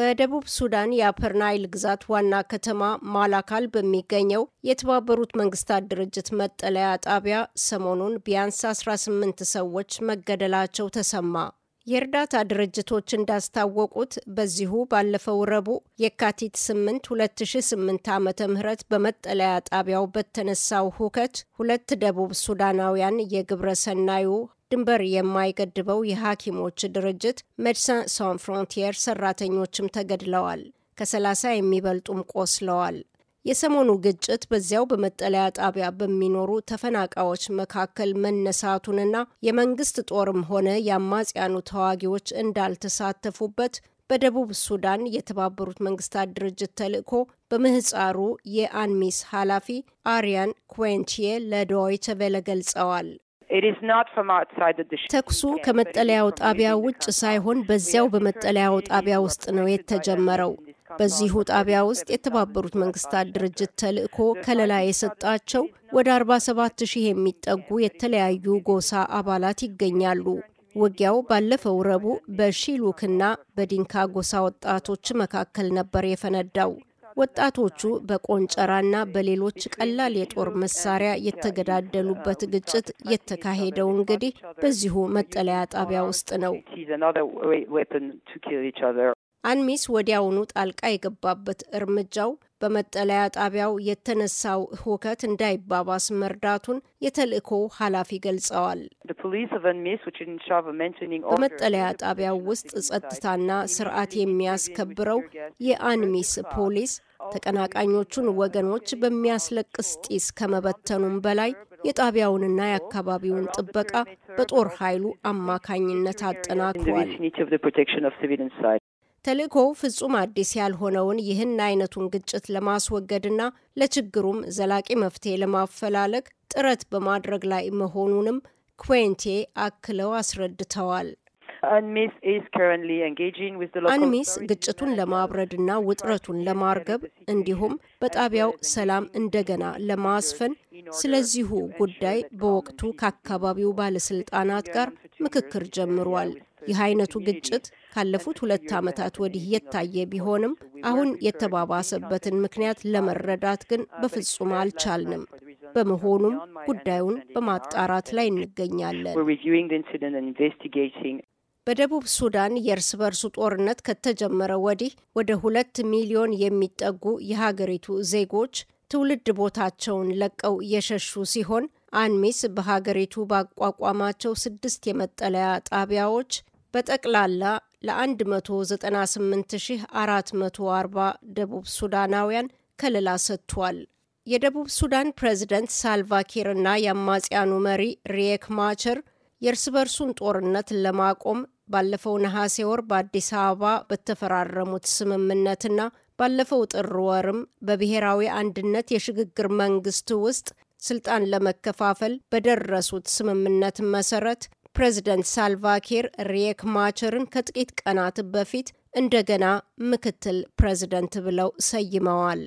በደቡብ ሱዳን የአፐር ናይል ግዛት ዋና ከተማ ማላካል በሚገኘው የተባበሩት መንግስታት ድርጅት መጠለያ ጣቢያ ሰሞኑን ቢያንስ 18 ሰዎች መገደላቸው ተሰማ። የእርዳታ ድርጅቶች እንዳስታወቁት በዚሁ ባለፈው ረቡዕ የካቲት 8 2008 ዓ ም በመጠለያ ጣቢያው በተነሳው ሁከት ሁለት ደቡብ ሱዳናውያን የግብረ ሰናዩ ድንበር የማይገድበው የሐኪሞች ድርጅት ሜድሳን ሳን ፍሮንቲየር ሰራተኞችም ተገድለዋል። ከ30 የሚበልጡም ቆስለዋል። የሰሞኑ ግጭት በዚያው በመጠለያ ጣቢያ በሚኖሩ ተፈናቃዮች መካከል መነሳቱንና የመንግስት ጦርም ሆነ የአማጽያኑ ተዋጊዎች እንዳልተሳተፉበት በደቡብ ሱዳን የተባበሩት መንግስታት ድርጅት ተልዕኮ በምህፃሩ የአንሚስ ኃላፊ አሪያን ኩዌንቺዬ ለዶይቸ ቬለ ገልጸዋል። ተኩሱ ከመጠለያው ጣቢያ ውጭ ሳይሆን በዚያው በመጠለያው ጣቢያ ውስጥ ነው የተጀመረው። በዚሁ ጣቢያ ውስጥ የተባበሩት መንግስታት ድርጅት ተልዕኮ ከለላ የሰጣቸው ወደ 47 ሺህ የሚጠጉ የተለያዩ ጎሳ አባላት ይገኛሉ። ውጊያው ባለፈው ረቡዕ በሺሉክና በዲንካ ጎሳ ወጣቶች መካከል ነበር የፈነዳው። ወጣቶቹ በቆንጨራና በሌሎች ቀላል የጦር መሳሪያ የተገዳደሉበት ግጭት የተካሄደው እንግዲህ በዚሁ መጠለያ ጣቢያ ውስጥ ነው። አንሚስ ወዲያውኑ ጣልቃ የገባበት እርምጃው በመጠለያ ጣቢያው የተነሳው ሁከት እንዳይባባስ መርዳቱን የተልእኮ ኃላፊ ገልጸዋል። በመጠለያ ጣቢያው ውስጥ ጸጥታና ስርዓት የሚያስከብረው የአንሚስ ፖሊስ ተቀናቃኞቹን ወገኖች በሚያስለቅስ ጢስ ከመበተኑም በላይ የጣቢያውንና የአካባቢውን ጥበቃ በጦር ኃይሉ አማካኝነት አጠናክሯል። ተልእኮ ፍጹም አዲስ ያልሆነውን ይህን አይነቱን ግጭት ለማስወገድና ለችግሩም ዘላቂ መፍትሄ ለማፈላለግ ጥረት በማድረግ ላይ መሆኑንም ኩዌንቴ አክለው አስረድተዋል። አንሚስ ግጭቱን ለማብረድና ውጥረቱን ለማርገብ እንዲሁም በጣቢያው ሰላም እንደገና ለማስፈን ስለዚሁ ጉዳይ በወቅቱ ከአካባቢው ባለስልጣናት ጋር ምክክር ጀምሯል። ይህ አይነቱ ግጭት ካለፉት ሁለት ዓመታት ወዲህ የታየ ቢሆንም አሁን የተባባሰበትን ምክንያት ለመረዳት ግን uh, በፍጹም አልቻልንም። በመሆኑም ጉዳዩን በማጣራት ላይ እንገኛለን። በደቡብ ሱዳን የእርስ በርሱ ጦርነት ከተጀመረ ወዲህ ወደ ሁለት ሚሊዮን የሚጠጉ የሀገሪቱ ዜጎች ትውልድ ቦታቸውን ለቀው የሸሹ ሲሆን አንሚስ በሀገሪቱ ባቋቋማቸው ስድስት የመጠለያ ጣቢያዎች በጠቅላላ ለ198440 ደቡብ ሱዳናውያን ከለላ ሰጥቷል። የደቡብ ሱዳን ፕሬዝደንት እና የአማጽያኑ መሪ ሪየክ ማቸር የእርስ በርሱን ጦርነት ለማቆም ባለፈው ነሐሴ ወር በአዲስ አበባ በተፈራረሙት ስምምነትና ባለፈው ጥር ወርም በብሔራዊ አንድነት የሽግግር መንግስት ውስጥ ስልጣን ለመከፋፈል በደረሱት ስምምነት መሰረት ፕሬዚደንት ሳልቫኪር ሪየክ ማቸርን ከጥቂት ቀናት በፊት እንደገና ምክትል ፕሬዚደንት ብለው ሰይመዋል።